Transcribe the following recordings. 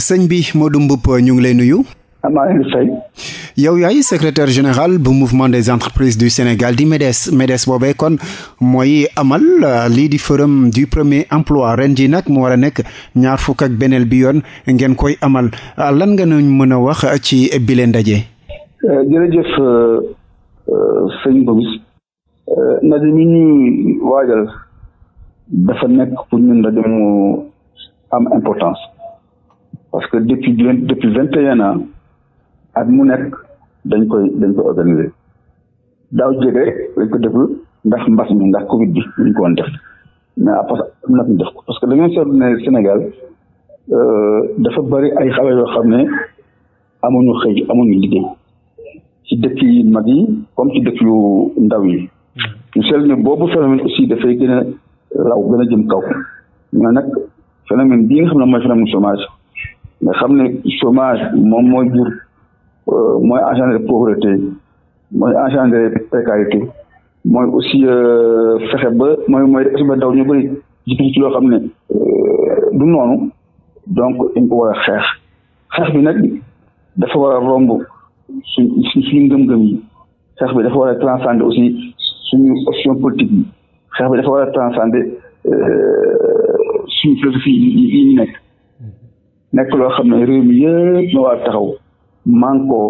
sëñ bi Modou Mboup ñu ngi lay nuyu. Ah, maa ngi fay. yow yaay secrétaire général bu mouvement des entreprises du Sénégal di MEDES MEDES boobee kon mooy amal euh, lii di forum du premier emploi ren ji nag mu war a nekk ñaar fukk ak beneel bi yoon ngeen koy amal euh, lan nga ñu mën a wax ci bile ndaje. Euh, jërëjëf sëñ Mboup ndaje mi ñuy waajal dafa nekk pour ñun ndaje mu am importance. parce que depuis depuis vingt et un mu nekk dañ koy dañ koy organiser daaw jéeg dañ ko def ndax mbas mi ndax Covid bi ñu ko woon def mais après am parce que da ngeen seetlu ne Sénégal euh, dafa ay xale yoo xam ne amuñu xëy amuñu liggéey ci dëkk yu mag yi comme ci dëkk yu ndaw yi. Mm-hmm. ñu seetlu ne boobu phénomène aussi dafay gën a law gën a jëm kaw mais nag phénomène bii nga xam ne mooy phénomène chômage. nga xam ne chômage moom mooy jur euh, mooy engendrer pauvreté mooy engendrer précarité mooy aussi euh, fexe ba mooy mooy fexe ba ndaw ñu bëri jiitu ci loo xam ne euh, du noonu donc dañ ko war a xeex xeex bi nag dafa war a romb suñ suñu ngëm-ngëm xeex bi dafa war a transcender aussi suñu option politique xeex bi dafa war a transcender suñu philosophie yi yi ñu nekk nekk loo xam ne réew mi yëpp ñoo war a taxaw manko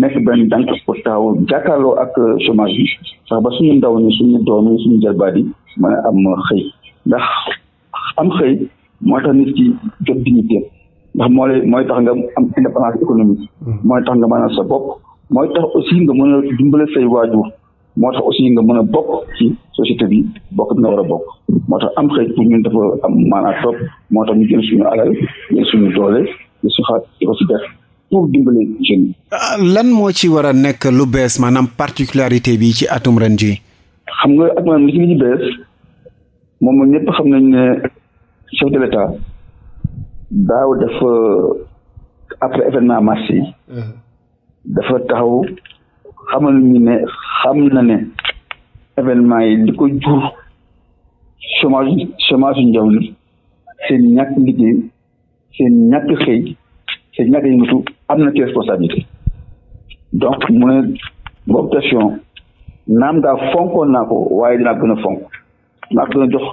nekk benn dànk pour taxaw jàkkaarloo ak euh, chômage bi sax ba suñu ndaw ñi suñu doom yi suñu jarbaat yi mën a am xëy ndax am xëy moo tax nit ki jot dignité ndax moo mooy tax nga am indépendance économique hmm. mooy tax nga mën a sa bopp mooy tax aussi nga mën a dimbale say waajur moo tax aussi nga mën a bokk ci société bi bokk bi nga war a bokk moo tax am xëy pour ñu dafa am maanaa topp moo tax ñu jël suñu alal jël suñu doole jël suñu xaat di ko si pour dimbale ah, lan moo ci war a nekk lu bees maanaam particularité bi ci atum ren ji xam nga ak maanaam li ci li bees moom ñëpp xam nañ ne chef de l'état daaw dafa après événement mars yi uh-huh. taxaw xamal ñu ne xam na ne événement yi li ko jur chômage chômage yu ndaw li seen ñakk liggéey seen ñàkk xëy seen ñàkk yëngatu am na ci responsabilité donc mu ne boobu question naam daa fonkoon naa ko waaye dinaa gën a fonk dinaa gën a jox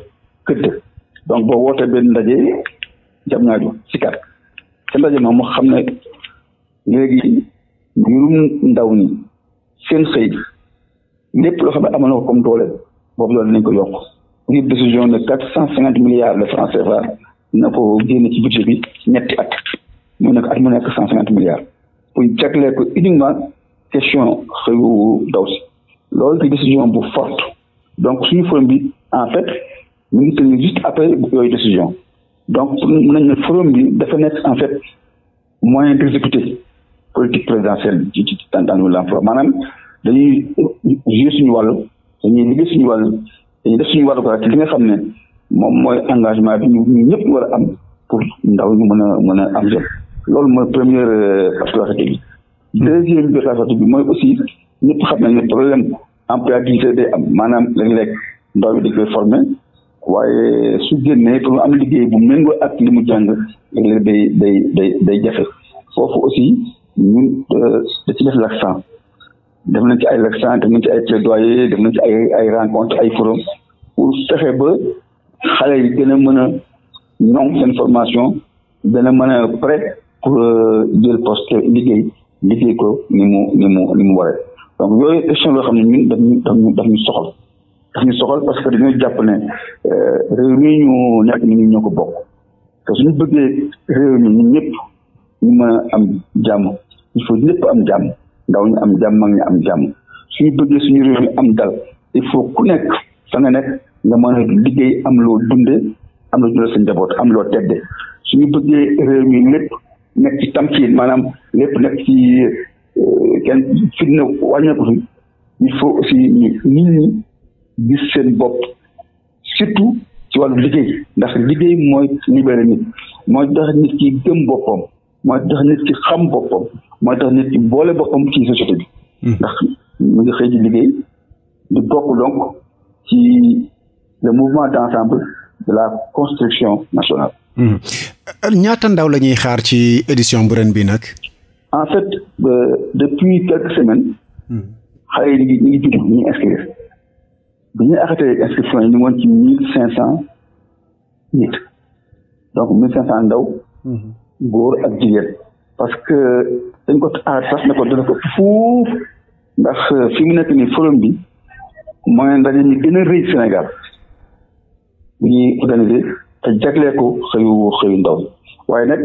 këdd donc boo wootee benn ndaje jam ñaajo si kat ndaje ma xam ne léegi mbirum ndaw nii seen xëy lépp loo xam ne am na ko comme doole boobu loolu nañ ko yokk ngir décision ne quatre cent cinquante milliards de francs CFA na ko génne ci budget bi ñetti at mu nekk at mu nekk cent cinquante milliards pour jagleel ko uniquement question xëyu ndaw si loolu di décision bu forte donc suñu forum bi en fait mu ngi tenir juste après yooyu décision donc mën nañ ne forum bi dafa nekk en fait moyen d'exécuter politique présidentielle ci ci dans l'emploi maanaam dañuy jouer suñu wàll dañuy liggéey suñu wàll dañuy def suñu wàllu ko li nga xam ne moom mooy engagement bi ñu ñëpp war a am pour ndaw ñu mën a mën a am jot loolu mooy premier particularité bi bi mooy aussi ñëpp xam nañ ne problème employabilité day am maanaam léeg-léeg ndaw bi dañ koy formé waaye su génnee pour mu am liggéey bu méngoo ak li mu jàng léeg-léeg day day day day jafe foofu aussi ñun euh, da ci def l'accent def nañ ci ay l'accent def nañ ci ay plaidoyer def nañ ci ay ay rencontre ay forum pour fexe ba xale yi gën a mën a ñoom seen formation gën a mën a prêt pour euh, jël poste liggéey liggéey ko ni mu ni mu ni waree donc yooyu question daf ñu daf daf ñu soxal parce que dañoo jàpp ne euh, réew mi ñu nekk ni ñu ñoo ko bokk te suñu bëggee réew mi ñun ñëpp ñu am jàmm il faut lépp am jàmm ndaw ñu am jàmm mag ñu am jàmm suñu bëggee suñu réew mi am dal il faut ku nekk fa nga nekk liggéey am loo dunde am loo dunde sa njaboot am loo tedde suñu bëggee réew mi lépp nekk ci tamkiin maanaam lépp nekk ci euh, kenn fitna wàññeeku fi il faut aussi ñu nit ñi bopp surtout ci wàllu liggéey ndax liggéey mooy libéré nit mooy tax nit ki gëm boppam mooy tax nit ki xam boppam mooy tax nit ki boole boppam ci société bi. Hmm. ndax mu ngi xëy di liggéey di bokk donc ci le mouvement d'ensemble de la construction nationale. Hmm. Euh, ñaata ndaw la ñuy xaar ci édition bu ren bi nag. en fait euh, depuis quelques semaine hmm. xale yi ngi ñu ngi judd ñu inscription yi ñu ngi ci mille cinq cent nit donc mille cinq cent ndaw. góor ak jigéen. parce que dañ ko aar sax ne ko dana ko fuuf ndax euh, fi mu nekk nii forum mooy ndaje ñi gën a Sénégal bu ñuy te jaglee ko xëyu ndaw waaye nag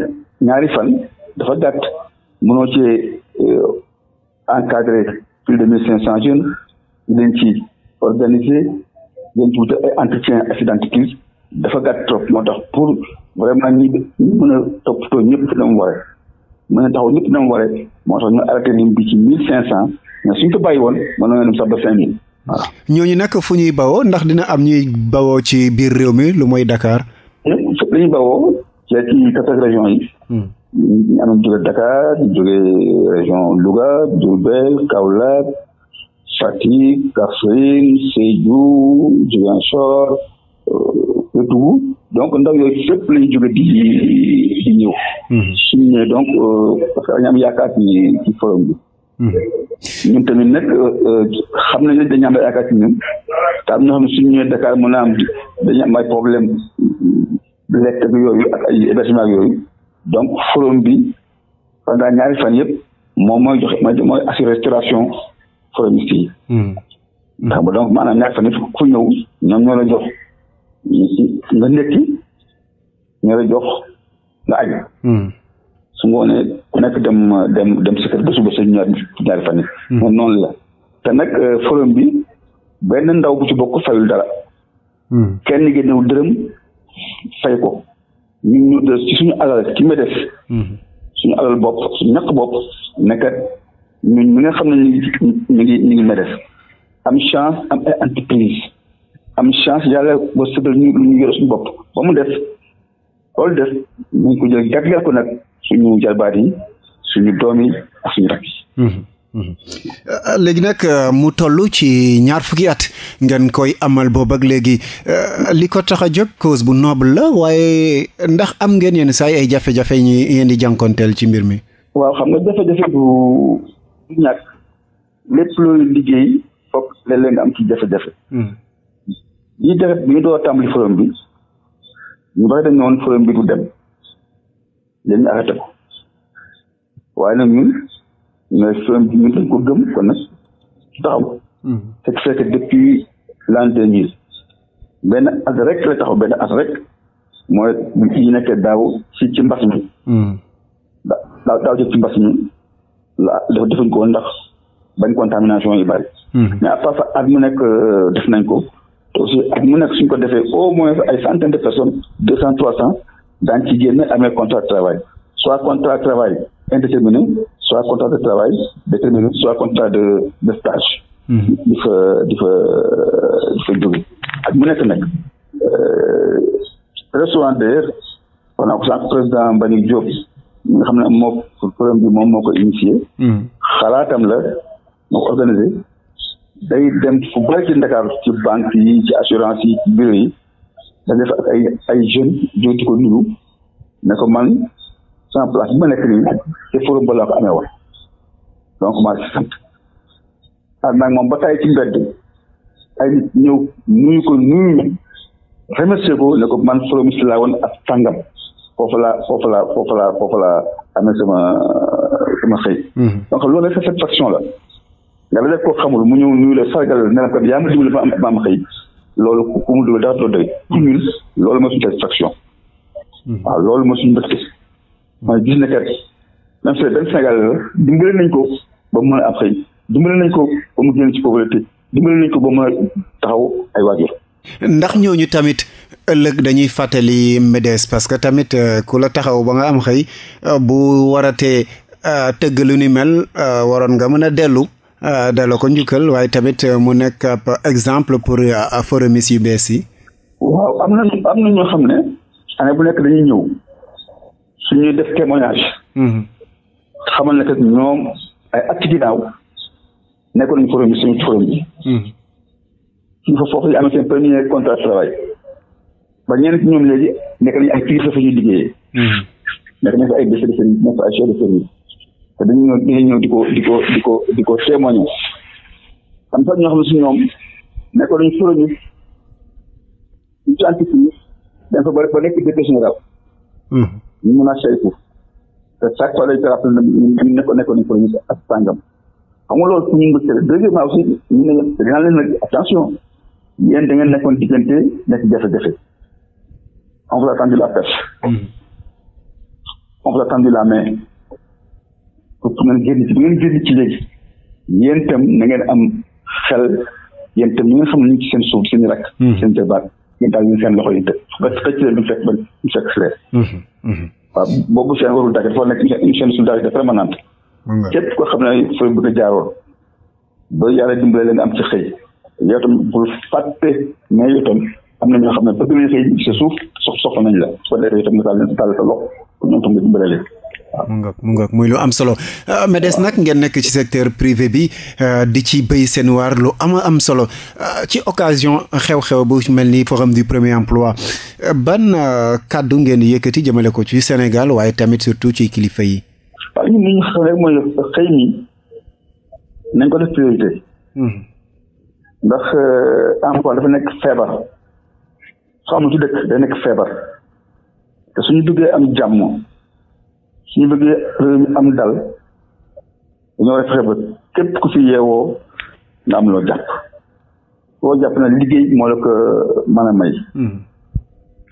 ñaari fan dafa gàtt mënoo cee euh, encadré plus de mille cinq cent jeunes leen ci organiser leen ci ay entretien accidentique dafa gàtt trop moo tax pour vraiment ñi mën a toppatoo ñëpp na mu waree mën a taxaw ñëpp na mu waree moo tax ñu arrêté lim bi ci mille cinq cent mais suñ ko bàyyi woon mën na dem sax ba cinq mille voilà. ñooñu nag fu ñuy bawoo ndax dina am ñuy bawoo ci biir réew mi lu mooy Dakar. ñëpp fépp la ñuy bawoo ci quatorze régions yi. Hmm. ñu am jóge Louga Diourbel Kaolack Fatick Kaffrine Sédhiou donc ndaw yooyu fépp lañu jóge di di ñëw. Hmm. suñu ñëwee donc euh, parce que dañu am yaakaar ci bi. Hmm. ñun tamit nag euh, euh, xam nañ ne dañu am yaakaar ci ñun te am na xam ne suñu Dakar mën naa am dañu am ay problème lekk yooyu donc forum bi pendant ñaari fan yëpp moom mooy joxe mooy assurer restauration forumiste yi. Hmm. xam nga donc maanaam ñaari fan yëpp ku ñëw ñoom ñoo la jox. nga ndekki ñu jox nga añ. Hmm. su ngoonee ku nekk dem dem dem si kër ba suba sa ñaar fan yi. Hmm. moom noonu la te nag euh, forum bi benn ndaw bu ci bokk fayul dara. Hmm. kenn génnew dërëm fay ko ñu ñu ci suñu alal ci MEDES. suñu alal bopp suñu ñàkk bopp nekkat ñun nga xam ne ñu ngi ñu ngi ñu ngi MEDES am chance am entreprise am chance yàlla ba sëtal ñu lu ñu yore suñu bopp ba mu def loolu def nañ ko jël nag suñu jalbaat yi suñu doom hmm, hmm, hmm. Euh, léegi nag euh, mu toll ci ñaar fukki at ngeen koy amal boobu ak léegi euh, li ko tax a jóg cause bu noble la waaye ndax am ngeen yenn saa ay jafe-jafe ñi ngeen di jànkonteel ci mbir mi. waaw xam nga jafe-jafe bu ñàkk lépp looy liggéey foog léeg am ci jafe-jafe. ñi def bi ñu doo tàmbali forum bi ñu bari dañu bi du dem léegi ñu arrêté ko waaye nag ñun mais forum bi ñun dañ ko gëm kon nag su taxaw ce hmm. qui depuis l'an deux benn at rek la taxaw benn at rek mooy ñu nekk daaw ci mbas mi hmm. daaw daaw ci mbas mi la defuñ ko ndax bañ contamination yu bari hmm. mais à part mu nekk euh, def nañ ko ak mu nekk suñ ko defee au moins ay centaine de personnes deux cent trois cent daan ci génn amee contrat de travail soit contrat de travail de travail déterminé soit contrat de de stage. Mm-hmm. di fa di fa di ak mu nekk nag euh, très souvent a ko sànq président Mbagnick Diop nga xam ne moo problème bi moom moo ko initié. Mm-hmm. xalaatam la moo organisé. day dem fu bëri ci Ndakaaru ci banque yi ci assurance yi ci bureau yi da def ay ay jeunes ko nuyu ne ko man sama place bi ma nekk nii te forum ba ko amee woon donc maa ngi sant ba tey ci mbedd ay nit ñëw nuyu ko nuyu remercier ko ne ko man forum si laa woon ak foofu laa foofu laa foofu laa amee sama sama xëy mm-hmm. donc loolu satisfaction la dafa def ko xamul mu ñëw nuyu la sargal ne la ko yaa ma dimbali ma am xëy loolu ku mu loolu mooy suñu satisfaction hmm. waaw loolu mooy suñu mbégte mooy gis kat même nañ ko ba mu mën a am xëy dimbale nañ ko ba mu génn ci pauvreté dimbale nañ ko ba mu mën a taxaw ay waajur ndax ñooñu tamit ëllëg dañuy fàttali medees parce que tamit euh, ku la taxaw ba nga am xëy euh, bu waratee euh, tëgg lu ni mel waroon nga mën a dellu Euh, dala ko njukkal waaye tamit euh, mu nekk ab exemple pour euh, forumis yu bees yi. waaw am na am na ñoo xam ne année bu nekk dañuy ñëw suñuy def témoignage. Mhm. xamal ne ñoom ay at ci ginnaaw nekkoon nañu mhm. foofu la amee seen premier contrat de travail. ba ñenn ci ñoom léegi nekk nañu ay kilifa fi ñuy liggéeyee. Mhm. nekk te dañu ñëw dañu ñëw di ko di ko di ko di ko témoigner am sax ñoo xam ne si ñoom nekkoon nañu solo ñu ñu scientifique dañ fa bëri ba nekk dépression raw hmm. ñu mën a saytu te chaque fois lañu rappelé na ñu nekkoon nekkoon nañu solo ñu ak sàngam xam nga loolu pour ñu mbëkkale deuxièmement aussi ñu ne dinaa leen nag attention yéen da ngeen nekkoon diggante nekk jafe-jafe on vous a tendu la perche hmm. on vous a tendu la main ngeen génn ci ngeen génn ci léegi yéen na ngeen am xel yéen itam ñi nga xam ne ñu ci seen suuf rak seen hmm. jabaat yéen daal ñu seen loxo yi tëj leen ñu fekk ba ñu fekk si leen hmm, hmm, waaw boobu seen warul dafa nekk une chaîne xam ne fooy bëgg a jaaroon ba yàlla am ci xëy yow tam bul fàtte ne yow am na ñoo xam ne bëgg nañ xëy suuf sox soxla nañ la su ko defee yow tam nga taal sa loxo pour ñoom tam nga dimbale mu ngoog mu ngoog muy lu am solo ah, MEDES nag ngeen nekk ci secteur privé bi ah, di ci bay seen waar lu ama am solo ah, ci occasion xew-xew bu mel ni forum du premier emploi ban kàddu ngeen yëkkati jëmale ko ci Sénégal waaye tamit surtout ci kilifa yi. waaw mooy xëy mi nañ ko def priorité. Hmm. ndax emploi dafa nekk feebar soo amul ci dëkk day nekk feebar te suñu duggee am jàmm. ñu bëggee réew mi am dal dañoo war a képp ku fi yeewoo nga am loo jàpp loo jàpp na liggéey moo la ko euh, mën may hmm.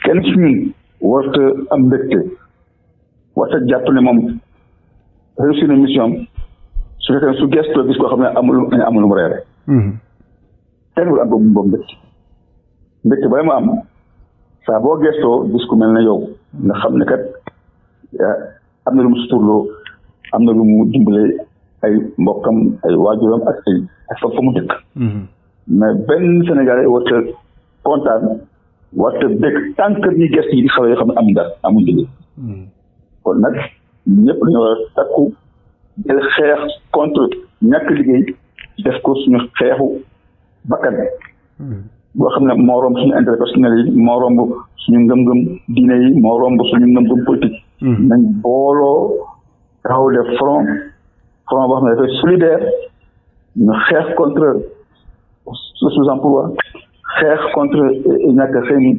kenn ci ñun warta am mbégte warta jàpp ne moom réussir na mission am su fekkee ne koo xam ne amul ne amul lu mu reere hmm. am boobu boobu mbégte mbégte bala am saa boo gestoo gis ku mel ne yow nga xam ne kat am na lu mu suturloo am na lu mu dimbale ay mbokkam ay waajuram ak ay ak fa mu dëkk mm-hmm. mais benn Sénégalais warut a kontaan warut a dëkk tant xale yoo xam ne amuñ dara amuñ dëgg mm-hmm. kon nag ñëpp dañoo takku jël xeex contre ñàkk liggéey def ko suñu xeexu bakkan mm-hmm. boo xam ne moo romb suñu intérêt yi moo romb suñu ngëm-ngëm diine yi moo romb suñu ngëm-ngëm politique Mm-hmm. nañ booloo taxaw def front front boo xam ne dafay solidaire ñu xeex contre sous-emploi xeex contre ñàkk xëy ni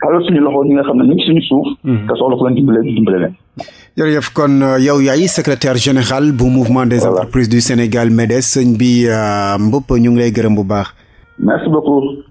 xalal suñu loxo ñi nga xam ne ñu ngi suñu suuf mm-hmm. te soxla ko leen dimbale dimbale leen jërëjëf kon euh, yow yaay secrétaire général bu mouvement des entreprises du Sénégal MEDES sëñ bi euh, mbëpp ñu ngi lay gërëm bu baax merci beaucoup